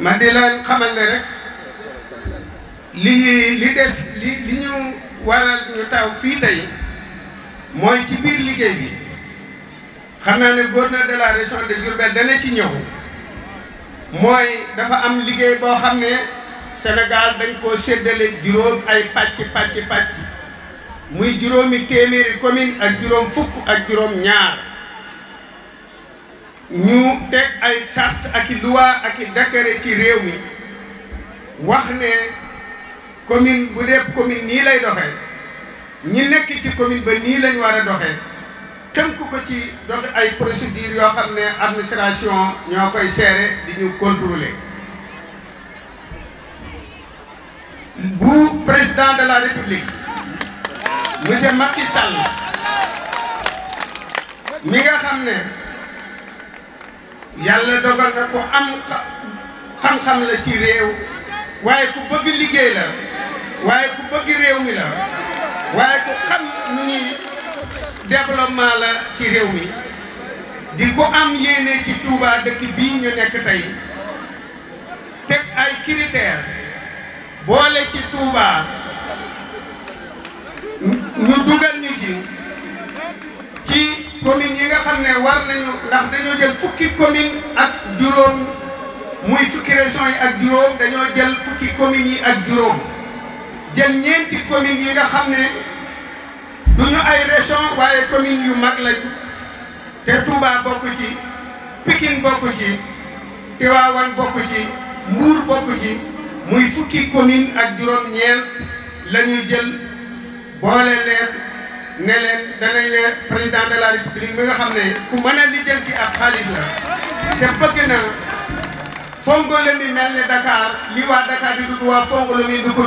ma di xamal ne rek li li des li li ñu waral ñu taw fii tey mooy ci biir liggéey bi xam naa ne gouverneur de la région de Diourbel dana ci ñëw mooy dafa am liggéey boo xam ne Sénégal dañ koo séddale juróom ay pàcc pàcc pàcc muy juróomi téeméeri commune ak juróom fukk ak juróom ñaar ñu teg ay charte ak i loi ak i décret ci réew mi wax ne commune bu dee commune nii lay doxee ñi nekk ci commune ba nii lañ war a doxee tënk ko ci doxe ay procédure yoo xam ne administration ñoo koy seere di ñu contrôler bu président de la république monsieur Macky Sall mi nga xam ne yàlla dogal na ko am xam-xam la ci réew waaye ku bëgg liggéey la waaye ku bëgg réew mi la waaye ku xam ni développement la ci réew mi di ko am yéene ci Touba dëkk bii ñu nekk tey teg ay critères boole ci Touba commune yi nga xam ne war nañu ndax dañoo jël fukki commune ak juróom muy fukki région yi ak juróom dañoo jël fukki communes yi ak juróom jël ñeenti communes yi nga xam ne duñu ay région waaye commune yu mag lañ te Touba bokk ci Pikine bokk ci Tivaouane bokk ci Mbour bokk ci muy fukki commune ak juróom ñeent la jël boole leen ne leen danañ président de la république mi ne ku mën a lijjanti ak xaalis la te bëgg na Fongolo mel ne Dakar li waa Dakar di dund waa Fongolo mi di ko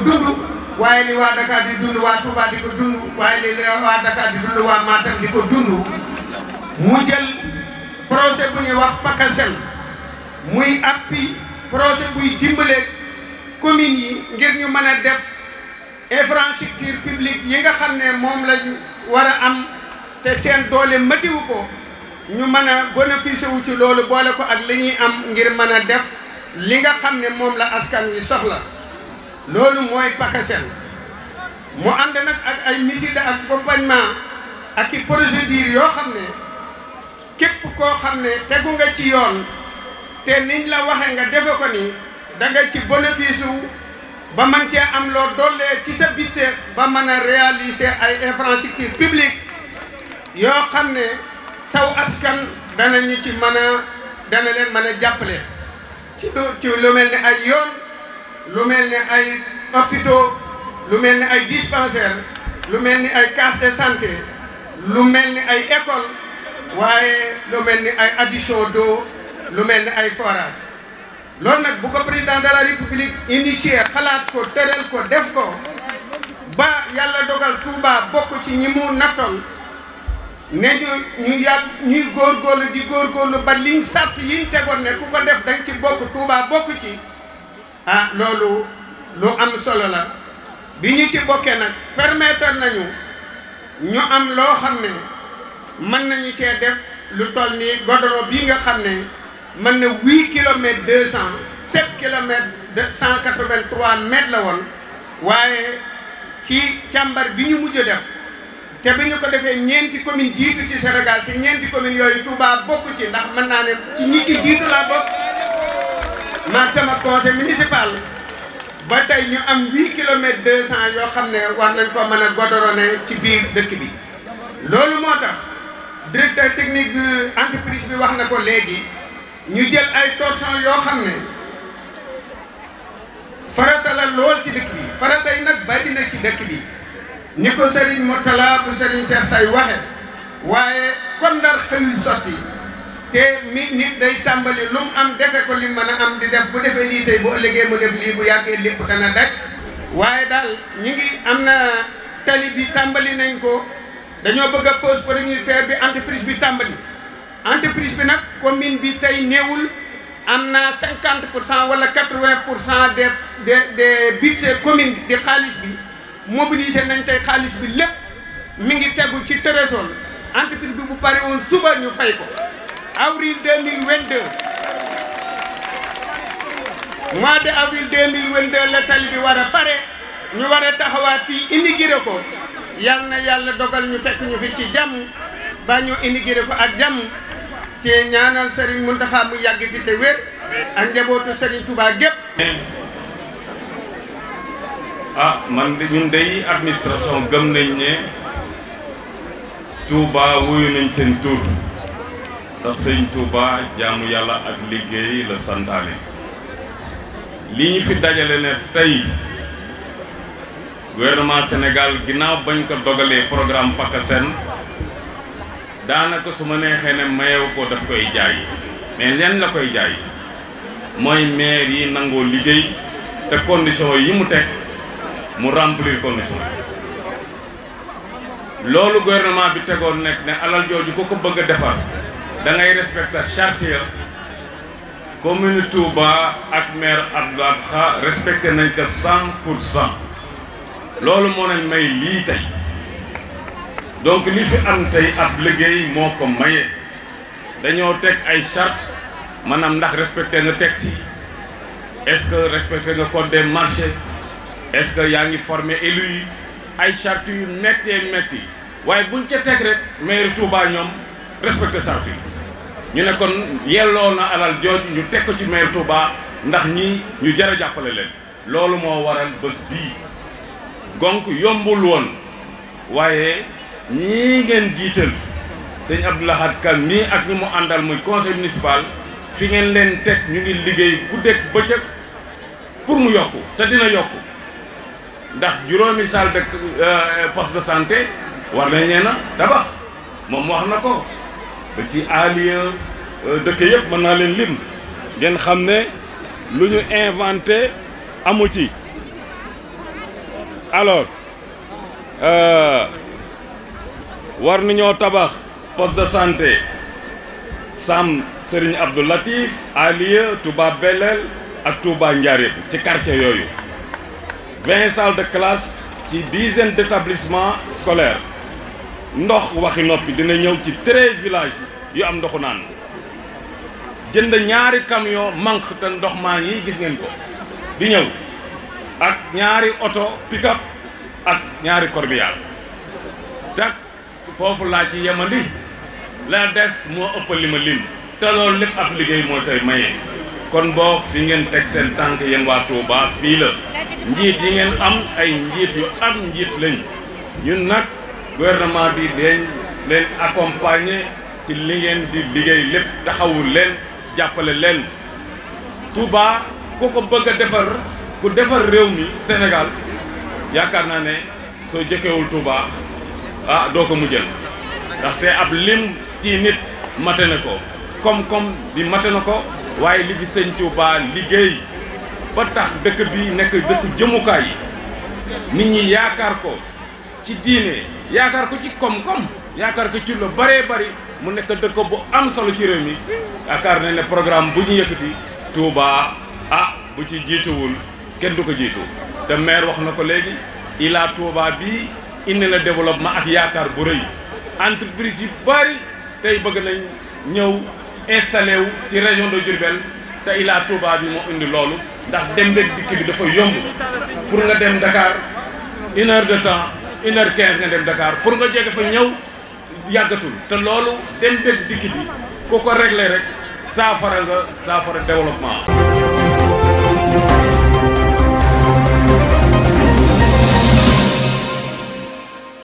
waaye li waa Dakar di dund waa Touba di ko dund waaye li waa Dakar di dund waa Matam di ko dund mu jël projet bu ñuy wax PACASEN muy appui projet buy dimbale communes yi ngir ñu mën a def infrastructure publique yi nga xam ne moom lañ war a am te seen doole matiwu ko ñu mën a bénéficier wu ci loolu boole ko ak li ñuy am ngir mën a def li nga xam ne moom la askan wi soxla loolu mooy PACASEN mu ànd nag ak ay mesures d'accompagnement ak i procédures yoo xam ne képp koo xam ne tegu nga ci yoon te niñ la waxe nga defe ko ni da nga ci bénéfice wu ba mën cee am loo dollee ci sa budget ba mën a réaliser ay infrastructure publique yoo xam ne saw askan danañu ci mën a dana leen mën a jàppale ci ci lu mel ne ay yoon lu mel ne ay hôpitaux lu mel ne ay dispensaires lu mel ni ay case de santé lu mel ni ay école waaye lu mel ni ay adduction d'eau lu mel ni ay forage loolu nag bu ko président de la république initié xalaat ko tëral ko def ko ba yàlla dogal Touba bokk ci ñi mu nattoon ne ñu ñu yàlla ñuy góorgóorlu di góorgóorlu ba liñ sart yiñ tegoon ne ku ko def danga ci bokk Touba bokk ci ah loolu lu am solo la bi ñu ci bokkee nag permettre nañu ñu am loo xam ne mën nañu cee def lu toll ni godoro bii nga xam ne mën na huit kilomètres deux cent sept kilomètres deux cent quatre vingt trois mètres la woon waaye ci càmbar bi ñu mujj def te bi ñu ko defee ñeenti commune jiitu ci Sénégal te ñeenti commune yooyu Touba bokk ci ndax mën naa ne ci ñi ci jiitu laa bokk maag sama conseil municipal ba tey ñu am huit kilomètres deux cent yoo xam ne war nañ ko mën a godorone ci biir dëkk bi loolu moo tax directeur technique bi entreprise bi wax na ko léegi ñu jël ay torsion yoo xam ne farata la lool ci dëkk bi farata yi nag bari na ci dëkk bi ñu ko Serigne Mourtala bu Serigne Cheikh Say waxe waaye kon ndar xëyul sotti te mi nit day tàmbali lu mu am defe ko li mën a am di def bu defee lii tey bu ëllëgee mu def lii bu yàggee lépp dana daj waaye daal ñi ngi am na tali bi tàmbali nañ ko dañoo bëgg a pose première pierre bi entreprise bi tàmbali entreprise bi nag commune bi tey néewul am na cinquante pour cent wala quatre vingt pour cent des des des budget commune di xaalis bi mobilisé nañ tey xaalis bi lépp mi ngi tegu ci trésor entreprise bi bu pare woon suba ñu fay ko avril deux mille vingt deux mois de avril deux la tali bi war a pare ñu war a taxawaat fii inauguré ko yal na yàlla dogal ñu fekk ñu fi ci jàmm ba ñu inauguré ko ak jàmm. te ñaanal Serigne Mountakha mu yàgg fi te wér ak njabootu Serigne Touba gépp ah man de ñun day administration gëm nañ ne Touba wuyu nañ seen tur ndax Serigne Touba jaamu yàlla ak liggéey la santaane li ñu fi dajale ne tey gouvernement senegaal ginnaaw bañ ko dogalee programme PACASEN daanaka su ma neexee ne mayew ko daf koy jaay mais leen la koy jaay mooy maire yi nangoo liggéey te condition yi mu teg mu remplir condition loolu gouvernement bi tegoon nekk ne alal jooju ko ko bëgg a defar da ngay respecter charte ya Touba ak maire Abdoulaye Kha respecté nañ ko cent pour cent loolu moo nañ may lii tey donc li fi am tey ab liggéey moo ko maye dañoo teg ay charte maanaam ndax respecte nga texte yi est-ce que respecté nga code des marchés est-ce que yaa ngi formé élu yi ay charte yu méttee métti waaye buñ ca teg rek maire Touba ñoom respecté charte yi ñu ne kon yelloo na alal jooju ñu teg ko ci maire Touba ndax ñi ñu jar jàppale leen loolu moo waral bés bii gonk yombul woon waaye ñii ngeen jiital sëñ Abdou Lahad Ka mii ak ñi mu àndal muy conseil municipal fi ngeen leen teg ñu ngi liggéey guddeeg bëccëg pour mu yokku te dina yokk ndax juróomi salle de euh, poste de santé war nañ nee na tabax moom wax na ko ba ci alia euh, dëkk yëpp mën naa leen lim ngeen xam ne lu ñu inventé amu ci alors. Euh, war nañoo tabax poste de santé Sam Serigne Abdou Latif Alieu Touba Belel ak Touba Ndiarème ci quartier yooyu vingt salles de classe ci dizaine d'établissements scolaires ndox waxi noppi dina ñëw ci treize village yu am ndoxu naan jënd ñaari camion manque te ndox maan yi gis ngeen ko di ñëw ak ñaari oto pick ak ñaari corbillard tak foofu laa ci yemandi la des moo ëpp li ma lim te loolu lépp ab liggéey moo koy maye. kon boo fi ngeen teg seen tànk yéen waa Touba fii la njiit yi ngeen am ay njiit yu am njiit lañ ñun nag gouvernement bi dañ leen accompagner ci li ngeen di liggéey lépp taxawul leen jàppale leen Touba ku ko bëgg a defar ku defar réew mi Sénégal yaakaar naa ne soo jëkkewul Touba a ah, doo ko mujjal ndaxte ab lim ci nit mate na ko koom-koom bi mate na ko waaye li fi seen Tuuba liggéey ba tax dëkk bi nekk dëkk jëmukaay yi nit ñi yaakaar ko ci diine yaakaar ko ci koom-koom yaakaar ko ci lu bëree bëri mu nekk dëkk bu am solo ci réew mi yaakaar na ne programme bu ñu yëkkati Touba a ah, bu ci jiituwul kenn du ko jiitu te maire wax na ko léegi Ila Touba bii indi na développement ak yaakaar bu rëy entreprise yu bari tey bëgg nañ ñëw installé wu ci région de Diourbel tey laa Touba yi mu indi loolu ndax dem beeg dikk bi dafa yomb pour nga dem Dakar une heure de temps une quinze nga dem Dakar pour nga jege fa ñëw yàggatul te loolu dem dikk bi ku ko réglé rek saafara nga saafara développement.